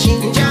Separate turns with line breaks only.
chinja